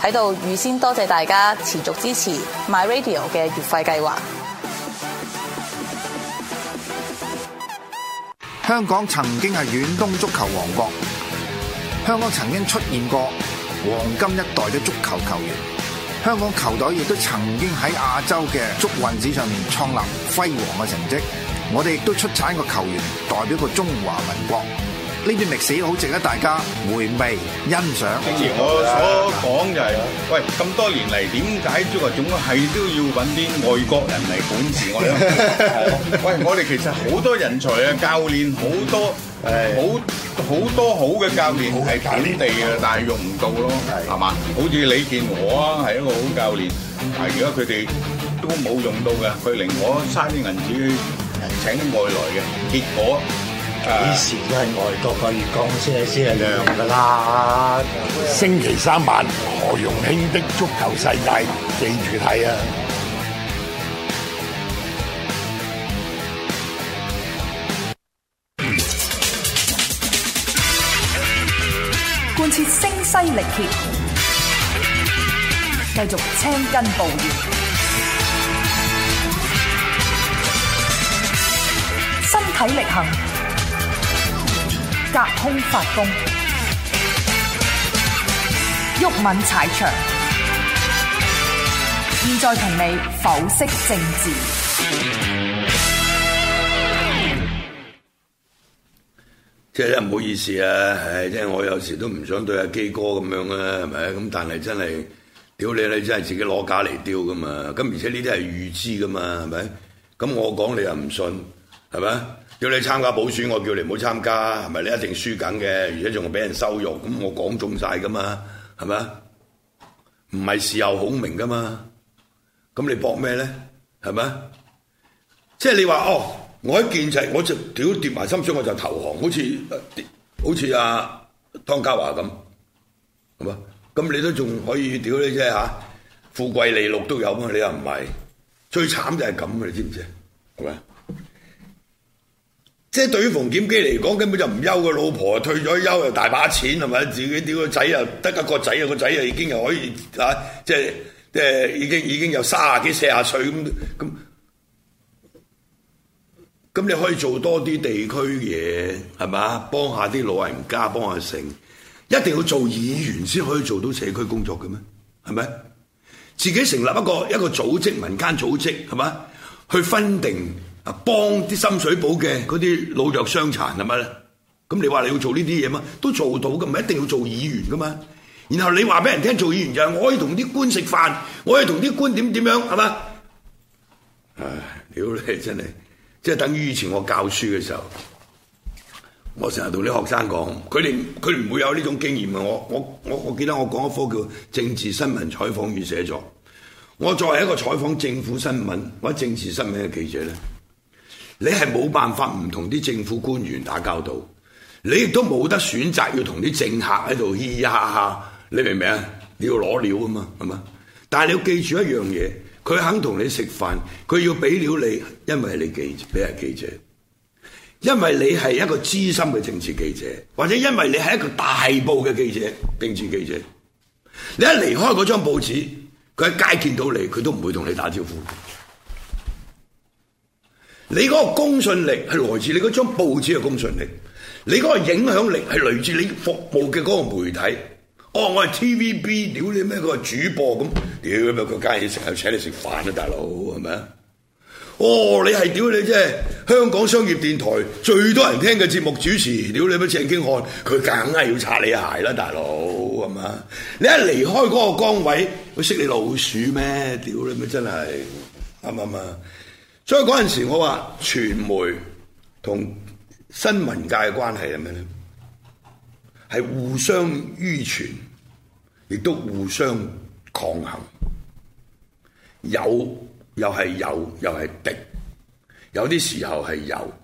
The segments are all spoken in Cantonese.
喺度預先多謝大家持續支持 My Radio 嘅月費計劃。香港曾經係遠東足球王國，香港曾經出現過黃金一代嘅足球球員，香港球隊亦都曾經喺亞洲嘅足運史上面創立輝煌嘅成績。我哋亦都出產個球員代表過中華民國，呢段歷史好值得大家回味欣賞。喂，咁多年嚟，點解足球總係都要揾啲外國人嚟管治我哋？ 喂，我哋其實好多人才啊， 教練好多，誒、嗯，好好多，多好嘅教練係本地嘅，是但係用唔到咯，係嘛吧？好似李健和啊，係一個好教練，嗯、但係而家佢哋都冇用到嘅，佢寧可嘥啲銀紙請啲外來嘅，結果。幾時都係外國個月光先係先係靚噶啦！星期三晚何榮興的足球世界，記住睇啊！貫徹聲嘶力竭，繼續青筋暴現，身體力行。隔空發功，毓民踩場，現在同你剖析政治。即係真係，唔好意思啊，誒，即係我有時都唔想對阿基哥咁樣啊，係咪？咁但係真係，屌你你真係自己攞架嚟丟噶嘛，咁而且呢啲係預知噶嘛，係咪？咁我講你又唔信，係咪？叫你參加補選，我叫你唔好參加，係咪你一定輸緊嘅？而且仲會俾人受辱，咁我講中晒噶嘛，係咪？唔係事後孔明噶嘛，咁你搏咩咧？係咪？即係你話哦，我喺建制，我就屌跌埋心水，我就投降，好似、呃、好似阿、啊、湯家華咁，係嘛？咁你都仲可以屌你啫吓，富貴利祿都有啊，你又唔係？最慘就係咁，你知唔知？係咪？即係對於馮檢基嚟講，根本就唔休個老婆，退咗休又大把錢，係咪？自己屌個仔又得一個仔，個仔又已經又可以吓、啊，即係即係已經已經有卅幾四十歲咁咁。咁你可以做多啲地區嘢，係嘛？幫下啲老人家，幫下成，一定要做議員先可以做到社區工作嘅咩？係咪？自己成立一個一個組織，民間組織，係嘛？去分定。啊！幫啲深水埗嘅嗰啲老弱傷殘係咪咧？咁你話你要做呢啲嘢嘛？都做到嘅，唔係一定要做議員嘅嘛。然後你話俾人聽做議員就係我可以同啲官食飯，我可以同啲官點點樣係嘛？唉！屌你真係，即係等於以前我教書嘅時候，我成日同啲學生講，佢哋佢唔會有呢種經驗啊！我我我我記得我講一科叫政治新聞採訪與寫作，我作為一個採訪政府新聞或者政治新聞嘅記者咧。你係冇辦法唔同啲政府官員打交道，你亦都冇得選擇要同啲政客喺度嘻嘻哈哈。你明唔明啊？你要攞料啊嘛，係嘛？但係你要記住一樣嘢，佢肯同你食飯，佢要俾料你，因為你記，你係記者，因為你係一個資深嘅政治記者，或者因為你係一個大報嘅記者，政治記者，你一離開嗰張報紙，佢喺街見到你，佢都唔會同你打招呼。你嗰個公信力係來自你嗰張報紙嘅公信力，你嗰個影響力係來自你服務嘅嗰個媒體。哦，我係 TVB，屌你咩？佢主播咁，屌你咩？佢梗係成日請你食飯啦，大佬係咪啊？哦，你係屌你啫！香港商業電台最多人聽嘅節目主持，屌你咩？鄭經翰佢梗係要擦你鞋啦，大佬係嘛？你一離開嗰個崗位，佢識你老鼠咩？屌你咩？真係啱唔啱啊？所以嗰陣時我話傳媒同新聞界嘅關係係咩咧？係互相依存，亦都互相抗衡。有又係有，又係敵。有啲時候係有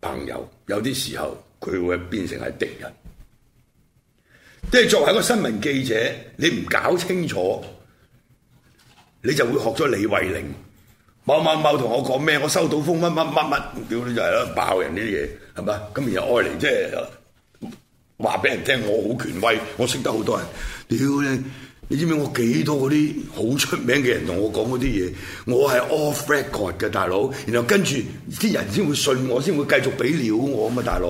朋友，有啲時候佢會變成係敵人。即係作為一個新聞記者，你唔搞清楚，你就會學咗李慧玲。某某某同我講咩？我收到風乜乜乜乜，屌你就係咯，爆人呢啲嘢係咪？咁然又愛嚟，即係話俾人聽，我好權威，我識得好多人。屌你，你知唔知我幾多嗰啲好出名嘅人同我講嗰啲嘢？我係 off record 嘅大佬，然後跟住啲人先會信我，先會繼續俾料我啊嘛，大佬。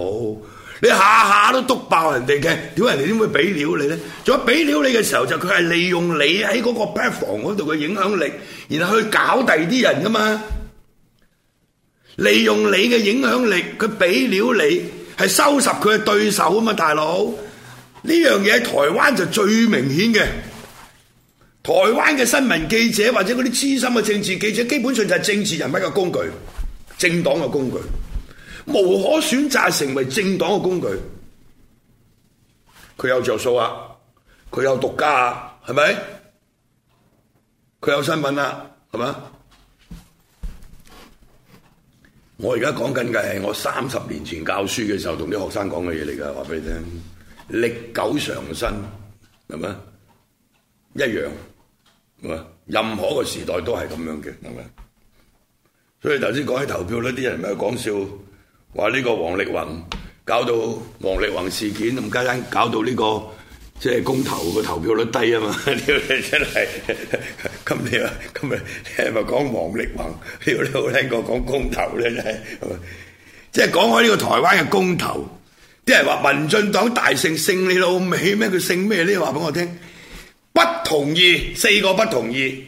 你下下都篤爆人哋嘅，屌人哋點會俾料你咧？仲有俾料你嘅時候，就佢係利用你喺嗰個 b a 房嗰度嘅影響力，然後去搞第啲人噶嘛。利用你嘅影響力，佢俾料你係收拾佢嘅對手啊嘛，大佬！呢樣嘢喺台灣就最明顯嘅。台灣嘅新聞記者或者嗰啲資深嘅政治記者，基本上就係政治人物嘅工具，政黨嘅工具。無可選擇成為政黨嘅工具，佢有著數啊，佢有獨家啊，係咪？佢有身份啦，係咪？我而家講緊嘅係我三十年前教書嘅時候同啲學生講嘅嘢嚟噶，話俾你聽，歷久常新，係咪？一樣，係嘛？任何個時代都係咁樣嘅，係咪？所以頭先講起投票呢，啲人咪講笑。話呢個王力宏搞到王力宏事件，咁，加薪搞到呢、這個即係、就是、公投個投票率低啊嘛！屌你真係，咁你話咁啊？係咪講王力宏？你，好聽過講公投咧？即係講開呢個台灣嘅公投，啲人話民進黨大勝，勝你老味咩？佢勝咩咧？話俾我聽，不同意，四個不同意，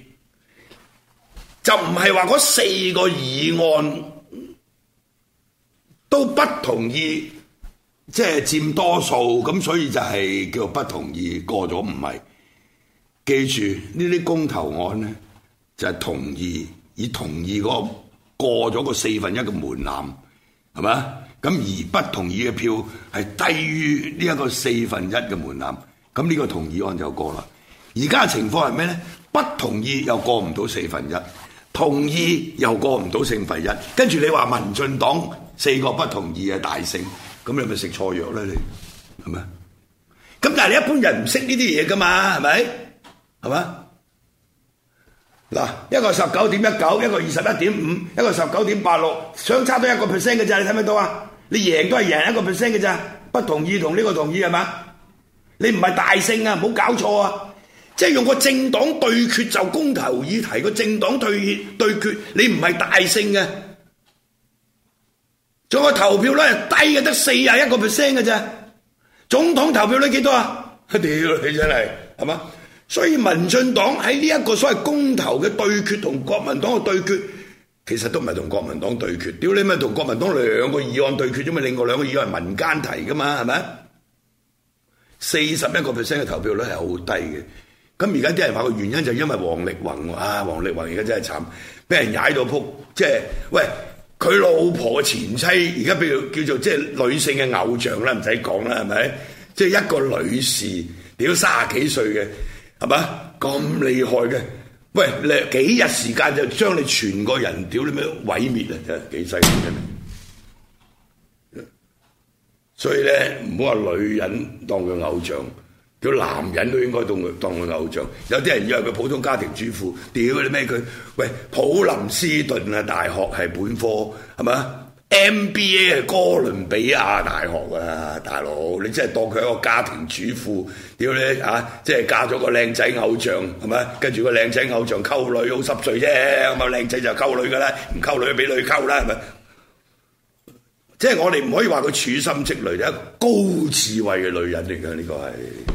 就唔係話嗰四個議案，都不同意，即係佔多數咁，所以就係叫做不同意過咗，唔係。記住呢啲公投案呢，就係、是、同意以同意嗰個過咗個四分一嘅門檻，係咪咁，而不同意嘅票係低於呢一個四分一嘅門檻，咁呢個同意案就過啦。而家情況係咩呢？不同意又過唔到四分一，同意又過唔到四分一，跟住你話民進黨。四個不同意啊，大勝，咁你咪食錯藥呢？你，係咪？咁但係你一般人唔識呢啲嘢噶嘛，係咪？係嘛？嗱，一個十九點一九，一個二十一點五，一個十九點八六，相差多一個 percent 嘅咋，你睇唔睇到啊？你贏都係贏一個 percent 嘅咋，不同意同呢個同意係嘛？你唔係大勝啊，唔好搞錯啊！即係用個政黨對決就公投議題個政黨對決，你唔係大勝啊。仲有個投票率係低嘅得四十一個 percent 嘅啫，總統投票率幾多啊？屌你真係，係嘛？所以民進黨喺呢一個所謂公投嘅對決同國民黨嘅對決，其實都唔係同國民黨對決，屌你咪同國民黨兩個議案對決啫嘛？另外兩個議案係民間提噶嘛，係咪？四十一個 percent 嘅投票率係好低嘅，咁而家啲人話個原因就係因為王力宏啊，王力宏而家真係慘，俾人踩到仆，即係喂。佢老婆嘅前妻而家，比如叫做即係女性嘅偶像啦，唔使講啦，係咪？即係一個女士，屌三十幾歲嘅，係咪？咁厲害嘅，喂！你幾日時間就將你全個人屌你咩毀滅啊！真係幾犀利。所以咧，唔好話女人當佢偶像。男人都應該當佢當佢偶像，有啲人以為佢普通家庭主婦，屌啲咩佢？喂，普林斯頓啊大學係本科係咪？MBA 係哥倫比亞大學啊大佬，你真係當佢一個家庭主婦？屌你啊！即係嫁咗個靚仔偶像係咪？跟住個靚仔偶像溝女好濕碎啫，咁啊靚仔就溝女噶啦，唔溝女俾女溝啦，係咪？即係我哋唔可以話佢處心積慮，係一個高智慧嘅女人嚟嘅，呢個係。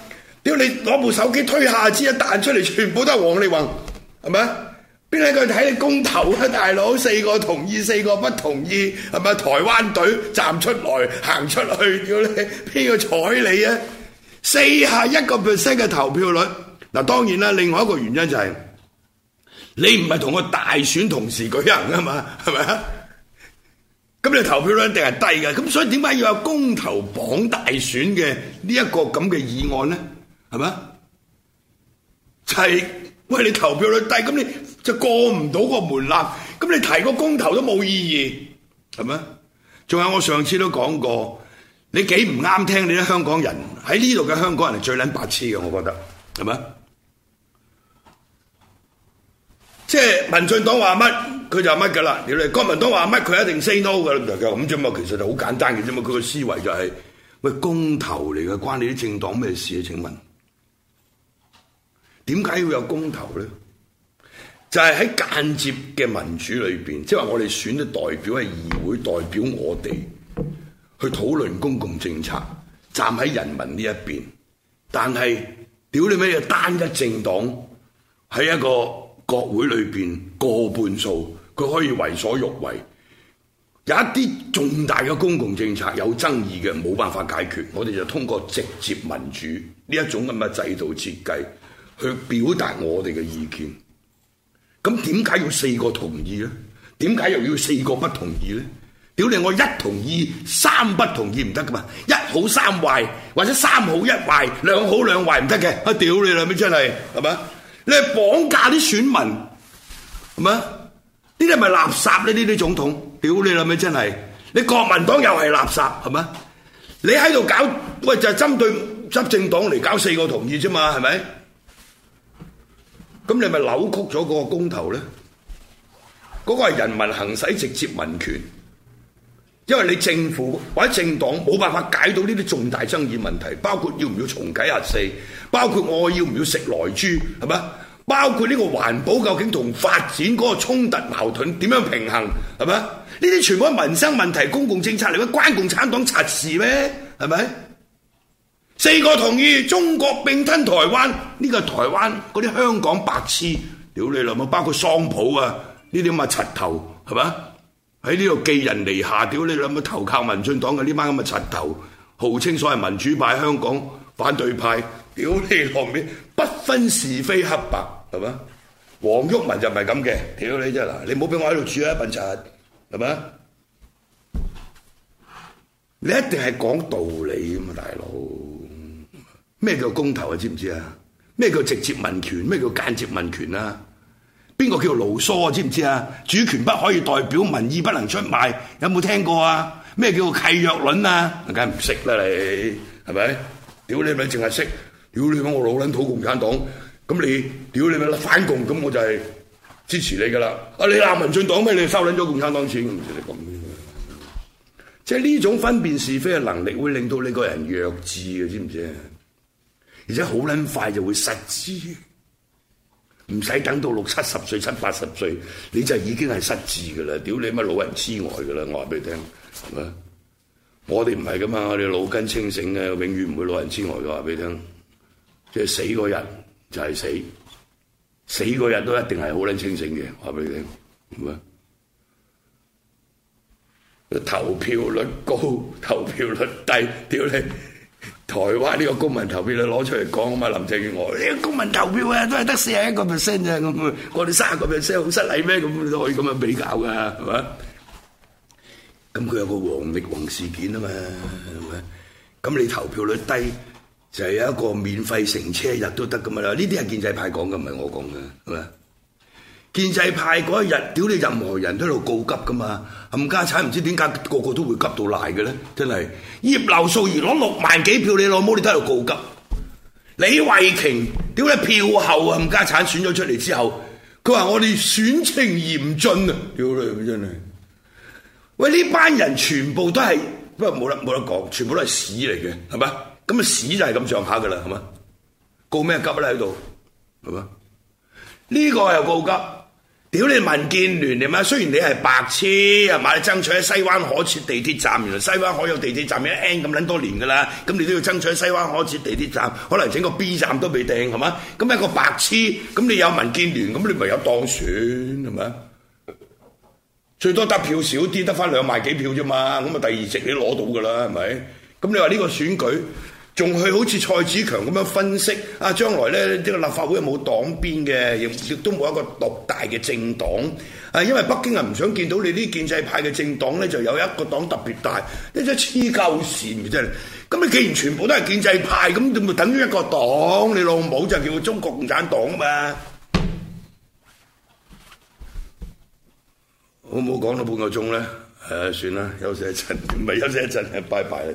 屌你攞部手機推下先一彈出嚟，全部都係王力宏，係咪？邊一個睇你公投啊，大佬？四個同意，四個不同意，係咪？台灣隊站出來行出去，屌你邊個睬你啊？四十一個 percent 嘅投票率嗱，當然啦，另外一個原因就係、是、你唔係同個大選同時舉行㗎嘛，係咪啊？咁你投票率一定係低嘅，咁所以點解要有公投綁大選嘅呢一個咁嘅議案咧？係咪？就係、是、喂，你投票率低，咁你就過唔到個門檻，咁你提個公投都冇意義，係咪？仲有我上次都講過，你幾唔啱聽？你啲香港人喺呢度嘅香港人係最捻白痴嘅，我覺得係咪？即係、就是、民進黨話乜，佢就乜噶啦，你哋！國民黨話乜，佢一定 say no 噶啦，就咁啫嘛。其實就好簡單嘅啫嘛，佢個思維就係、是、喂，公投嚟嘅，關你啲政黨咩事啊？請問？點解要有公投呢？就係喺間接嘅民主裏邊，即係話我哋選嘅代表係議會代表我哋去討論公共政策，站喺人民呢一邊。但係屌你咩？單一政黨喺一個國會裏邊過半數，佢可以為所欲為。有一啲重大嘅公共政策有爭議嘅，冇辦法解決，我哋就通過直接民主呢一種咁嘅制度設計。佢表達我哋嘅意見，咁點解要四個同意咧？點解又要四個不同意咧？屌你！我一同意三不同意唔得噶嘛？一好三壞，或者三好一壞，兩好兩壞唔得嘅。啊！屌你老味真係，係嘛？你係綁架啲選民係嘛？呢啲係咪垃圾咧？呢啲總統，屌你老味真係，你國民黨又係垃圾係嘛？你喺度搞喂就係針對執政黨嚟搞四個同意啫嘛？係咪？咁你咪扭曲咗嗰個公投咧？嗰個係人民行使直接民權，因為你政府或者政黨冇辦法解到呢啲重大爭議問題，包括要唔要重啓核四，包括我要唔要食萊豬係咪？包括呢個環保究竟同發展嗰個衝突矛盾點樣平衡係咪？呢啲全部係民生問題、公共政策嚟嘅，關共產黨柒事咩？係咪？四個同意，中國併吞台灣，呢、這個台灣嗰啲香港白痴，屌你老母，包括桑普啊，呢啲咁嘅柒頭係咪？喺呢度寄人籬下，屌你老母投靠民進黨嘅呢班咁嘅柒頭，號稱所謂民主派、香港反對派，屌你同面不分是非黑白，係咪？黃毓民就唔係咁嘅，屌你啫嗱！你唔好俾我喺度住啊，一份柒，係咪？你一定係講道理啊嘛，大佬。咩叫公投啊？知唔知啊？咩叫直接民權？咩叫間接民權啊？邊個叫勞蘇啊？知唔知啊？主權不可以代表民意，不能出賣。有冇聽過啊？咩叫契約論啊？梗係唔識啦！你係咪？屌你咪淨係識！屌你咁我老撚討共產黨，咁你屌你咪反共，咁我就係支持你噶啦！啊你鬧民進黨咩？你，民黨你收捻咗共產黨錢，就咁樣。即係呢種分辨是非嘅能力，會令到你個人弱智啊，知唔知啊？而且好捻快就會失智，唔使等到六七十歲、七八十歲，你就已經係失智噶啦！屌你乜老人痴呆噶啦！我話俾你聽，係咪？我哋唔係噶嘛，我哋腦筋清醒嘅，永遠唔會老人痴呆嘅。話俾你聽，即係死嗰人就係死，死嗰人都一定係好捻清醒嘅。話俾你聽，係咪？投票率高，投票率低，屌你！台灣呢個公民投票你攞出嚟講啊嘛，林鄭月娥，公民投票啊都係得四十一個 percent 咋咁啊？我哋三十個 percent 好失禮咩？咁你都可以咁樣比較噶，係嘛？咁佢有個王力宏事件啊嘛，係嘛？咁你投票率低就係有一個免費乘車日都得咁啊啦？呢啲係建制派講嘅，唔係我講嘅，係嘛？建制派嗰一日，屌你任何人都喺度告急噶嘛？冚家產唔知點解，個個都會急到賴嘅咧，真係葉劉淑儀攞六萬幾票，你老母你都喺度告急。李慧瓊，屌你票后冚家產，選咗出嚟之後，佢話我哋選情嚴峻啊，屌你真係！喂，呢班人全部都係，不過冇得冇得講，全部都係屎嚟嘅，係嘛？咁啊屎就係咁上下噶啦，係嘛？告咩急咧喺度，係嘛？呢個又告急。屌你民建聯嚟嘛？雖然你係白痴啊，你爭取喺西灣河設地鐵站，原來西灣河有地鐵站已 N 咁捻多年噶啦，咁你都要爭取喺西灣河設地鐵站，可能整個 B 站都未定係嘛？咁一個白痴，咁你有民建聯，咁你咪有當選係咪？最多得票少啲，得翻兩萬幾票啫嘛，咁啊第二席你攞到噶啦，係咪？咁你話呢個選舉？仲去好似蔡子強咁樣分析啊！將來咧，呢個立法會冇有有黨鞭嘅，亦亦都冇一個獨大嘅政黨。啊，因為北京人唔想見到你啲建制派嘅政黨咧，就有一個黨特別大。呢，真黐鳩線嘅，真係，咁你既然全部都係建制派，咁就等於一個黨。你老母就叫做中國共產黨嘛。我冇講到半個鐘咧，誒、啊、算啦，休息一陣，唔係休息一陣，拜拜啦。